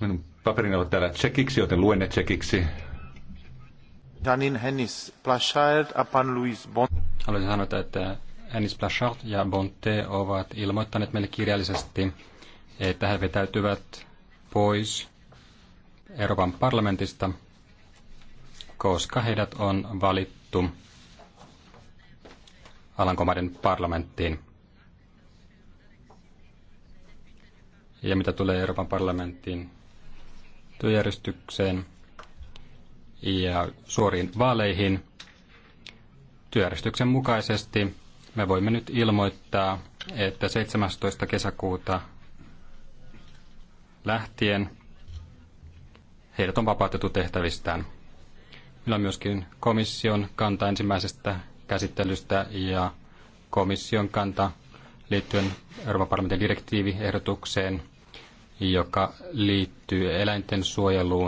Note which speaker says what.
Speaker 1: Minun paperini ovat täällä tsekiksi, joten luen ne tsekiksi.
Speaker 2: Janin Hennis Plachard, Apan Louis Bon. Haluaisin sanoa, että Hennis Plachard ja Bonte ovat ilmoittaneet meille kirjallisesti, että he vetäytyvät pois Euroopan parlamentista, koska heidät on valittu Alankomaiden parlamenttiin. Ja mitä tulee Euroopan parlamenttiin, työjärjestykseen ja suoriin vaaleihin. Työjärjestyksen mukaisesti me voimme nyt ilmoittaa, että 17. kesäkuuta lähtien heidät on vapautettu tehtävistään. Meillä on myöskin komission kanta ensimmäisestä käsittelystä ja komission kanta liittyen Euroopan parlamentin direktiiviehdotukseen joka liittyy eläinten suojeluun